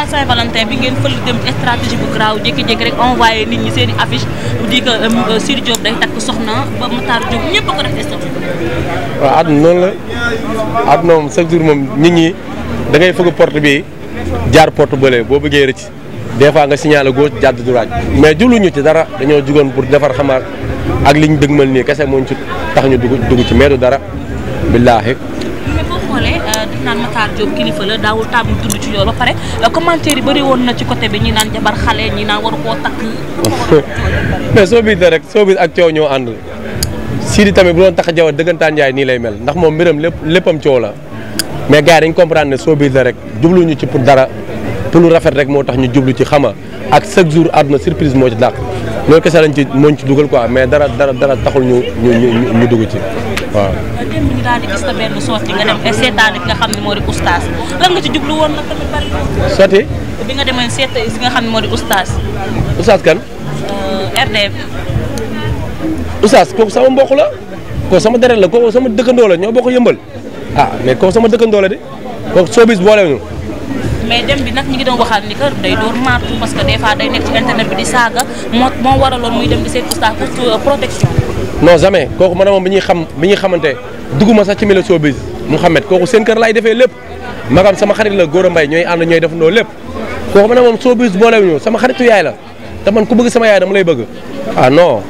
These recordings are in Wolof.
message Saint-Valentin bi ngeen fël dem stratégie bu garaaw jékki-jékki rek envoyé nit ñi seen i affiche di ko euh, euh, day takk soxna ba Matar Diop ñëpp a ko def stratégie. waaw àdduna noonu la àdduna moom chaque jour moom nit ñi da fëgg porte bi jaar porte bële boo bëggee rëcc des fois nga siñaale gauche jàdd droit mais julluñu ci dara dañoo jugoon pour defar xamaar ak liñ dëgmal nii kese moo ñu tax ñu dugg dugg ci meedu dara billaahi ñëpp naan Matar Diop kilifa la daawul taamu dund ci yoon ba pare commentaire yi bëri na ci côté bi ñi naan jabar xale ñi naan waru koo takk. mais soo biit la rek soo biit ak coow ñoo ànd Sidi tamit bu doon tax jaww dëggantaan Njaay nii lay mel ndax moom mbiram lépp léppam coow la mais gars yi dañ comprendre ne soo biit la rek jubluñu ci pour dara pour lu rafet rek moo tax ñu jublu ci xama ak chaque jour àdduna surprise moo ci dàq loolu kese lañ ci mooñ ci dugal quoi mais dara dara dara taxul ñu ñu dugg ci. waaw démb ñu daal di gis sa benn sotti nga dem seetaani ki nga xam ne moo di oustaz lan nga ci jublu woon nag tamit bi nga demee seet si nga xam ne moo di oustaz oustaz kan euh, RDB oustaz kooku sama mboq la kooku sama deret la kooku sama dëkkandoo la ñoo ko yëmbal ah mais kooku sama dëkkandoo la de kooku soo bis boolewuñu mais dem bi nag ñu ngi doon waxaat ni que day door martu parce que des day nekk ci internet bi di saaga moo moo waraloon muy dem non jamais kooku man moom bi ñuy xam bi ñuy xamante dugguma sax ci milieu showbiz Mouhamed kooku seen kër laay defee lépp magam sama xarit la Gora Mbaye ñooy ànd ñooy defandoo lépp kooku man moom showbiz boolewuñu sama xaritu yaay la te man ku bëgg sama yaay dama lay bëgg ah non.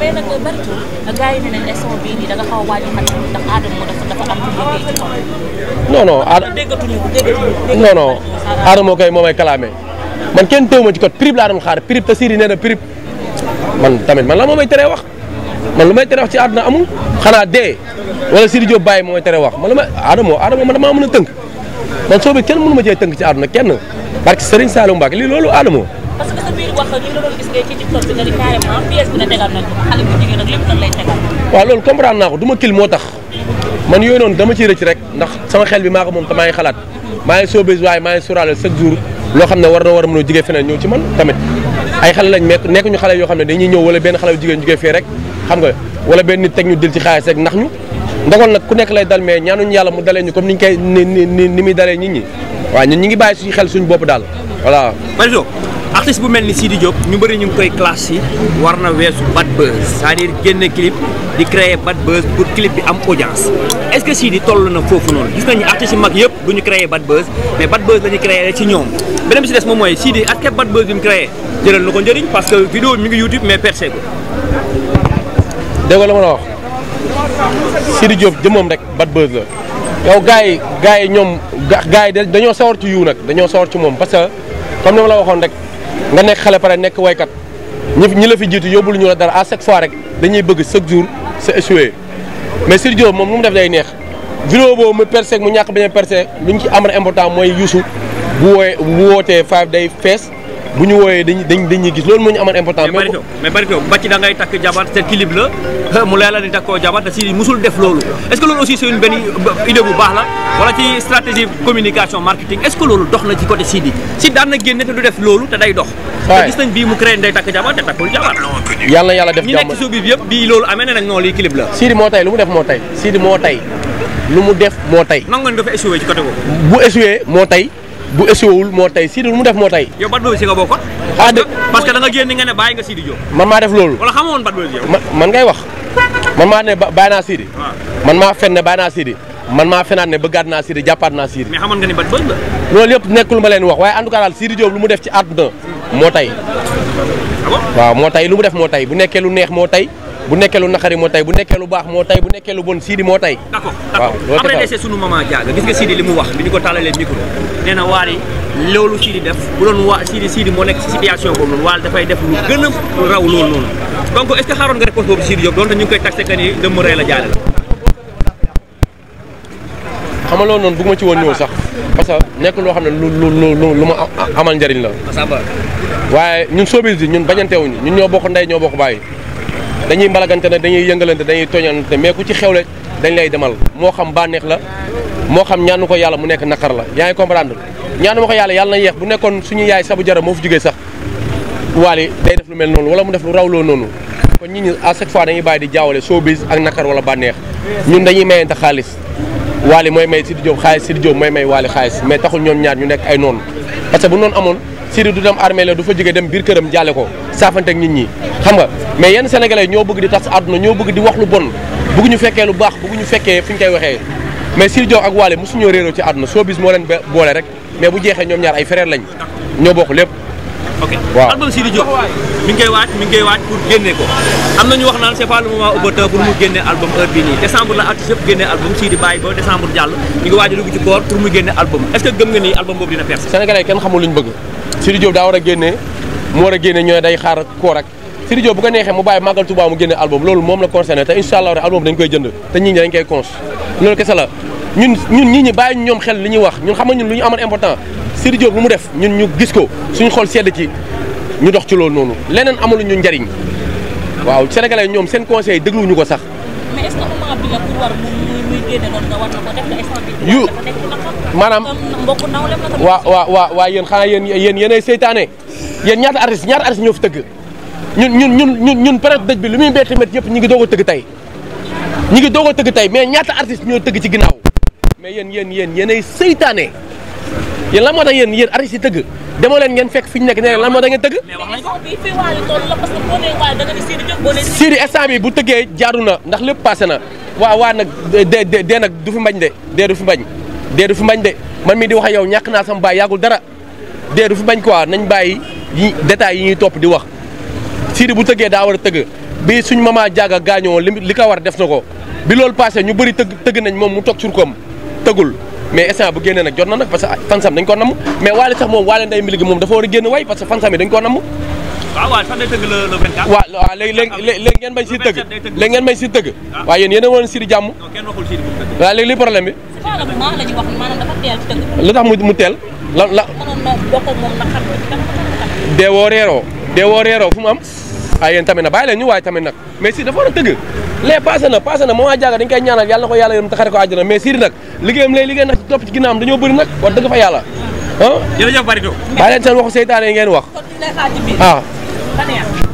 mais nag baritu da nga xaw a waaj a xam ndax aadama dafa dafa am lu kay moomay kalaame man kenn teewu ma ci code prib laa doon xaar prib te Siri nee na man tamit man la moomay teree wax. man lu may tere wax ci àdduna amul xanaa dee wala Sidi Diop Baye moo may tere wax man lu may Adamo Adamo ma damaa mën a tënk man soo kenn mënu ma cee tënk ci àdduna kenn parce que Serigne Saliou Mbacke lii loolu Adamo. parce loolu comprendre naa ko du ma kil moo tax man yooyu noonu dama ciy rëcc rek ndax sama xel bi maa ko moom te maa ngi xalaat maa ngi soobee waaye maa ngi sóoraale chaque jour loo xam ne war na war a mën a jigee feneen ñëw ci man tamit ay xale lañ nekk nekkuñu xale yoo xam ne dañuy ñëw wala benn xale bu jigéen jugee fii rek xam nga wala benn nit teg ñu dil ci xaalis rek ndax ñu ndogal nag ku nekk lay dal mais ñaanuñu yàlla mu dalee ñu comme ni ñu koy ni ni ni muy dalee nit ñi ñi ngi bàyyi suñu xel suñu bopp daal voilà. Pariso artiste bu mel ni Sidi Diop ñu bëri ñu ngi koy classé yi war na weesu bad buzz c'est-à-dire clip di créer bad buzz pour clip bi am audience est-ce que Sidi toll na foofu noonu gis nañu artistes yu mag yëpp du ñu créer bad buzz mais bad buzz créer ci ñoom beneen bi si des moom mooy Sidi ak bad buzz bi mu créé jëlal na ko njëriñ parce que vidéo mi ngi YouTube mais percé déggoo la ma la wax Sidi Diop jëmmam rek bad buzz la yow gars yi gars yi ñoom gaa yi dañoo sawar ci yu nag dañoo sawar ci moom parce que comme ni ma la waxoon rek nga nekk xale pare nekk waykat ñi ñi la fi jiitu yóbbul ñu la dara à chaque fois rek dañuy bëgg chaque jour sa échoué mais Sidi Diop moom lu mu def day neex vidéo boobu mu percé mu ñàkk bañ a percé lu ñu ci am important mooy Youssou bu wooyee bu wootee five day fees bu ñu wooyee dañuy gis loolu moo ñu amal important. mais Barito mais Barito da ngay takk jabar seen clip la mu leer la di takkoo jabar da si musul def loolu communication marketing est-ce que loolu dox na ci côté Sidy si daan na génne te du def loolu te day dox. te bii mu créé day takk jabar te takkul jabar. yàlla yàlla def jàmm ñi nekk ci bi yëpp bii loolu amee ne nag lii clip la. Sidy moo tay lu mu def moo tay Sidy moo tay lu mu def moo tay. nangu bu échoué moo tay bu esiwul moo tey Sidi lu mu def moo tey. yow Bad Buzz si nga bokkoon. ah dëgg parce que nga ne bàyyi nga Sidi Diop. man maa def loolu. wala xamoo woon Bad Buzz yow. man ngay wax man maa ne bàyyi naa Sidi. Ah. man maa fen ne bàyyi naa Sidi. man maa fenaat ne bëggaat naa Sidi jàppaat naa Sidi. mais xamoon nga ni Bad Buzz la. loolu yëpp nekkul ma leen wax waaye en tout cas daal Sidi Diop lu mu def ci àdduna moo tay ah waaw moo tey lu mu def moo tey bu nekkee lu neex moo tey bu nekkee lu naqari moo tay bu nekkee lu baax moo tay bu nekkee lu bon Sidi moo tay. d'accord d'accord après décès sunu maman Diaga li mu wax bi ñu ko tàllalee micro nee na Wally loolu Sidi def bu doon waa Sidi Sidi moo nekk ci situation boobu dafay def lu gën donc est-ce que xaaroon nga réponse boobu ñu koy taxé que ni dëmm rey la jaale xam nga loolu noonu ma ci woon ñëw sax parce que nekk loo xam ne lu lu lu ma amal njëriñ la. waaye ñun showbiz bi ñun bañantewuñu ñun ñoo bokk ndey ñoo bokk bàyyi dañuy mbalagante ne dañuy yëngalante dañuy tooñante mais ku ci xewle dañ lay demal moo xam bànneex la moo xam ñaanu ko yàlla mu nekk naqar la yaa ngi comprendre ñaanu ma ko yàlla yàlla na yeex bu nekkoon suñu yaay sabu jara moo fi jugee sax waali day def lu mel noonu wala mu def lu rawloo noonu kon nit ñi a chaque fois dañuy bàyyi di jaawale showbiz ak naqar wala bànneex ñun dañuy mayante xaalis waali mooy may Sidi Diop xaalis Sidi Diop mooy may waali xaalis mais taxul ñoom ñaar ñu nekk ay noonu parce que bu noonu amoon du fa jógee dem biir këram jàlle ko saafante ak nit ñi xam nga mais yenn sénégalais ñoo bëgg di tas àdduna ñoo bëgg di wax lu bon bëgg ñu fekkee lu baax bëgg ñu fekkee fi ñu koy waxee mais Sidy Diop ak Wally mosuñoo réeroo ci àdduna showbiz moo leen boole rek mais bu jeexee ñoom ñaar ay frères lañ ñoo bokk lépp ok waaw album Sidy Diop mi ngi koy waaj mi ngi koy waaj pour génne ko am na ñu wax naan c'est pas le moment opportun pour mu génne album heure bii nii décembre la artiste yëpp génne album Sidy bàyyi ba décembre jàll ñu ngi waaj a dugg ci koor pour mu génne album est-ce que gëm nga ni album boobu dina percer sénégalais kenn xamul lu ñu bëgg Sidy Diop daa war a génne mu war a génne ñooy day xaar koor ak Sidy Diop bu ko neexee mu bàyyi màggal Touba mu génne album loolu moom la concerné te incha allah album dañ koy jënd te ñii ñi dañ koy cons loolu kese la ñun ñun ñii ñi bàyyi ñoom xel li ñu wax ñun xam nga ñun lu ñu amoon important Sidy Diop lu mu def ñun ñu gis ko suñu xol sedd ci ñu dox ci loolu noonu leneen amul ñu njariñ waaw sénégalais ñoom seen conseil dégluwuñu ko sax. mais waa ce que moment bi yéen xanaa yéen yéen seytaane yéen ñaata artistes ñaata artistes ñoo fi tëgg ñun ñun ñun ñun ñun peut être dëj bi li muy betti met yëpp ñu ngi doog a tëgg tey ñu ngi doog a tëgg tey mais ñaata artiste ñoo tëgg ci ginnaaw mais yéen yéen yéen yéen ay seytaane yéen lan moo tax yéen yéen artiste yi tëgg demoo leen ngeen fekk fi ñu nekk ne lan moo tax ngeen tëgg. Sidi instant bi bu tëggee jaaru na ndax lépp passé na waaw waa nag de de nag du fi mbañ de de du fi mbañ dee du fi mbañ de man mii di wax yow ñàkk naa sama baay yàggul dara dee du fi mbañ quoi nañ bàyyi yi détails yi ñuy topp di wax Sidi bu tëggee daa war a tëgg bi suñ mama jaaga gaañoo li li ko war def na ko bi loolu passé ñu bëri tëgg tëgg nañ moom mu toog surkoom tëggul mais instant bu génnee nag jot na nag parce que fansam dañ ko namm mais waale sax moom waale nday mbiligi a génn way parce que fansam yi dañ ko namm le le 24. ngeen may si tëgg léegi ngeen may si tëgg. Ah. waaye yéen a woon Sidi jàmm. non kenn waxul Sidi bu tëgg. li problème bi. la lu tax mu mu teel. la reeroo dee woo reeroo fu mu am ay yéen tamit na bàyyi leen ñu waay a tëgg lee passé na passé na moomaa jaaga dañ koy ñaanal yàlla na ko yàlla yërëm taxare ko àjjana mais Sidy nag liggéeyam lay liggéey nag fa yàlla ah jërëjëf Barito bàyyi leen seen waxu